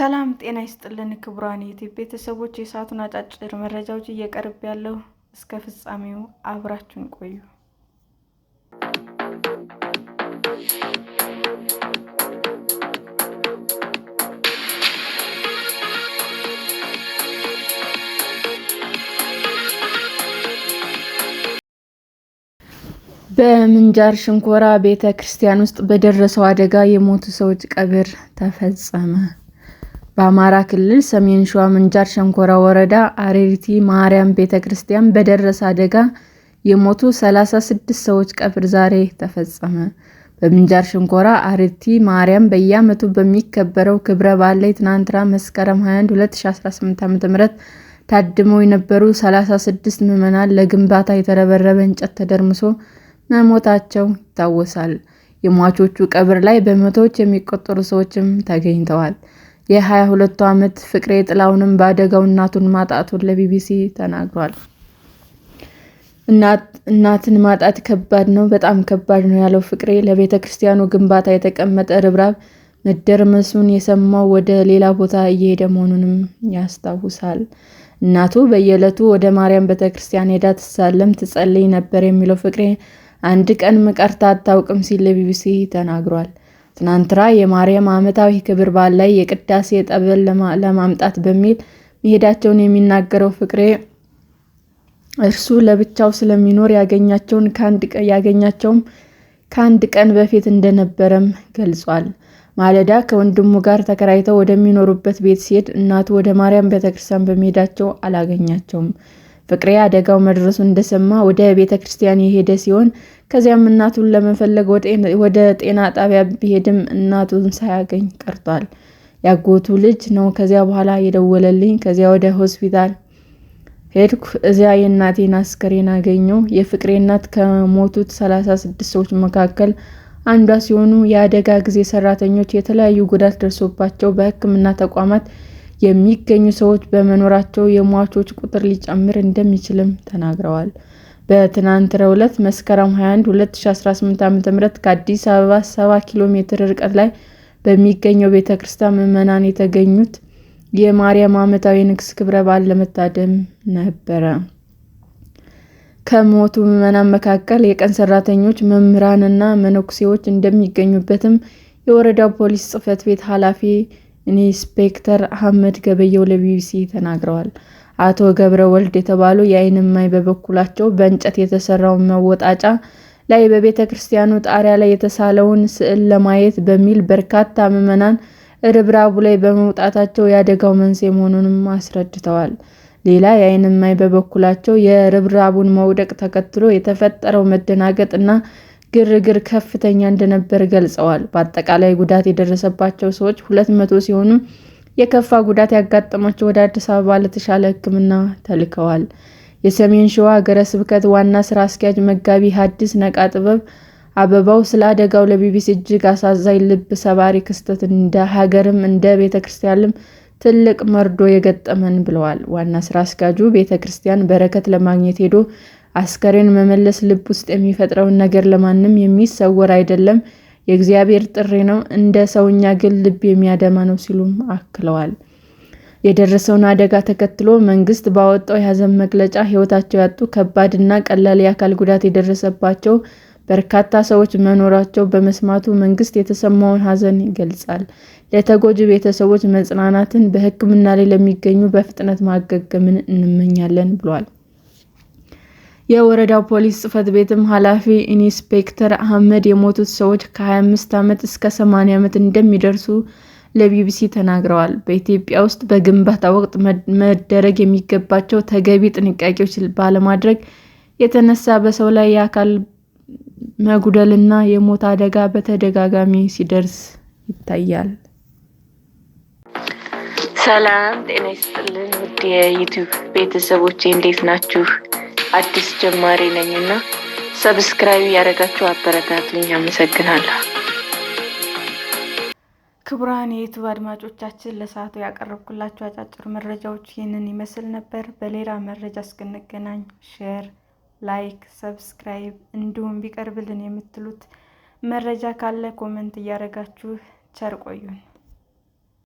ሰላም ጤና ይስጥልን ክቡራን ዩቲዩብ ቤተሰቦች፣ የሰዓቱን አጫጭር መረጃዎች እየቀርብ ያለው እስከ ፍጻሜው አብራችሁን ቆዩ። በምንጃር ሽንኮራ ቤተ ክርስቲያን ውስጥ በደረሰው አደጋ የሞቱ ሰዎች ቀብር ተፈጸመ። በአማራ ክልል ሰሜን ሸዋ ምንጃር ሸንኮራ ወረዳ አሬሪቲ ማርያም ቤተ ክርስቲያን በደረሰ አደጋ የሞቱ 36 ሰዎች ቀብር ዛሬ ተፈጸመ። በምንጃር ሸንኮራ አረርቲ ማርያም በየዓመቱ በሚከበረው ክብረ በዓል ላይ ትናንትና መስከረም 21 2018 ዓ.ም ታድመው የነበሩ 36 ምዕመናን ለግንባታ የተረበረበ እንጨት ተደርምሶ መሞታቸው ይታወሳል። የሟቾቹ ቀብር ላይ በመቶዎች የሚቆጠሩ ሰዎችም ተገኝተዋል። የ22 ዓመት ፍቅሬ ጥላሁንም በአደጋው እናቱን ማጣቱን ለቢቢሲ ተናግሯል። እናትን ማጣት ከባድ ነው፣ በጣም ከባድ ነው ያለው ፍቅሬ ለቤተ ክርስቲያኑ ግንባታ የተቀመጠ ርብራብ መደርመሱን የሰማው ወደ ሌላ ቦታ እየሄደ መሆኑንም ያስታውሳል። እናቱ በየዕለቱ ወደ ማርያም ቤተ ክርስቲያን ሄዳ ትሳለም፣ ትጸልይ ነበር የሚለው ፍቅሬ አንድ ቀን ምቀርታ አታውቅም ሲል ለቢቢሲ ተናግሯል። ትናንትራ የማርያም ዓመታዊ ክብር በዓል ላይ የቅዳሴ ጠበል ለማምጣት በሚል መሄዳቸውን የሚናገረው ፍቅሬ እርሱ ለብቻው ስለሚኖር ያገኛቸውም ከአንድ ቀን በፊት እንደነበረም ገልጿል። ማለዳ ከወንድሙ ጋር ተከራይተው ወደሚኖሩበት ቤት ሲሄድ እናቱ ወደ ማርያም ቤተክርስቲያን በመሄዳቸው አላገኛቸውም። ፍቅሬ አደጋው መድረሱ እንደሰማ ወደ ቤተክርስቲያን የሄደ ሲሆን ከዚያም እናቱን ለመፈለግ ወደ ጤና ጣቢያ ቢሄድም እናቱን ሳያገኝ ቀርቷል። ያጎቱ ልጅ ነው ከዚያ በኋላ የደወለልኝ። ከዚያ ወደ ሆስፒታል ሄድኩ። እዚያ የእናቴን አስከሬን አገኘው። የፍቅሬ እናት ከሞቱት 36 ሰዎች መካከል አንዷ ሲሆኑ የአደጋ ጊዜ ሰራተኞች የተለያዩ ጉዳት ደርሶባቸው በሕክምና ተቋማት የሚገኙ ሰዎች በመኖራቸው የሟቾች ቁጥር ሊጨምር እንደሚችልም ተናግረዋል። በትናንትናው ዕለት መስከረም 21 2018 ዓ.ም ከአዲስ አበባ 70 ኪሎ ሜትር ርቀት ላይ በሚገኘው ቤተክርስቲያን ምዕመናን የተገኙት የማርያም ዓመታዊ ንግስ ክብረ በዓል ለመታደም ነበረ። ከሞቱ ምዕመናን መካከል የቀን ሰራተኞች መምህራንና መነኩሴዎች እንደሚገኙበትም የወረዳው ፖሊስ ጽሕፈት ቤት ኃላፊ ኢንስፔክተር አህመድ ገበየው ለቢቢሲ ተናግረዋል። አቶ ገብረ ወልድ የተባሉ የዓይን እማኝ በበኩላቸው በእንጨት የተሰራውን መወጣጫ ላይ በቤተ ክርስቲያኑ ጣሪያ ላይ የተሳለውን ስዕል ለማየት በሚል በርካታ ምዕመናን ርብራቡ ላይ በመውጣታቸው የአደጋው መንስኤ መሆኑንም አስረድተዋል። ሌላ የዓይን እማኝ በበኩላቸው የርብራቡን መውደቅ ተከትሎ የተፈጠረው መደናገጥ እና ግርግር ከፍተኛ እንደነበር ገልጸዋል። በአጠቃላይ ጉዳት የደረሰባቸው ሰዎች ሁለት መቶ ሲሆኑ የከፋ ጉዳት ያጋጠማቸው ወደ አዲስ አበባ ለተሻለ ሕክምና ተልከዋል። የሰሜን ሸዋ ሀገረ ስብከት ዋና ስራ አስኪያጅ መጋቢ ሐዲስ ነቃ ጥበብ አበባው ስለ አደጋው ለቢቢሲ እጅግ አሳዛኝ ልብ ሰባሪ ክስተት እንደ ሀገርም እንደ ቤተ ክርስቲያንም ትልቅ መርዶ የገጠመን ብለዋል። ዋና ስራ አስኪያጁ ቤተ ክርስቲያን በረከት ለማግኘት ሄዶ አስከሬን መመለስ ልብ ውስጥ የሚፈጥረውን ነገር ለማንም የሚሰወር አይደለም የእግዚአብሔር ጥሪ ነው። እንደ ሰውኛ ግን ልብ የሚያደማ ነው ሲሉም አክለዋል። የደረሰውን አደጋ ተከትሎ መንግስት ባወጣው የሐዘን መግለጫ ህይወታቸው ያጡ ከባድ እና ቀላል የአካል ጉዳት የደረሰባቸው በርካታ ሰዎች መኖራቸው በመስማቱ መንግስት የተሰማውን ሐዘን ይገልጻል። ለተጎጂ ቤተሰቦች መጽናናትን፣ በሕክምና ላይ ለሚገኙ በፍጥነት ማገገምን እንመኛለን ብሏል። የወረዳው ፖሊስ ጽሕፈት ቤትም ኃላፊ ኢንስፔክተር አህመድ የሞቱት ሰዎች ከ25 ዓመት እስከ 80 ዓመት እንደሚደርሱ ለቢቢሲ ተናግረዋል። በኢትዮጵያ ውስጥ በግንባታ ወቅት መደረግ የሚገባቸው ተገቢ ጥንቃቄዎች ባለማድረግ የተነሳ በሰው ላይ የአካል መጉደልና የሞት አደጋ በተደጋጋሚ ሲደርስ ይታያል። ሰላም ጤና ይስጥልን ውድ የዩቱብ ቤተሰቦቼ እንዴት ናችሁ? አዲስ ጀማሪ ነኝ እና ሰብስክራይብ ያደረጋችሁ አበረታትልኝ። አመሰግናለሁ። ክቡራን የዩቱብ አድማጮቻችን ለሰዓቱ ያቀረብኩላችሁ አጫጭር መረጃዎች ይህንን ይመስል ነበር። በሌላ መረጃ እስክንገናኝ ሼር፣ ላይክ፣ ሰብስክራይብ እንዲሁም ቢቀርብልን የምትሉት መረጃ ካለ ኮመንት እያደረጋችሁ ቸር ቆዩን።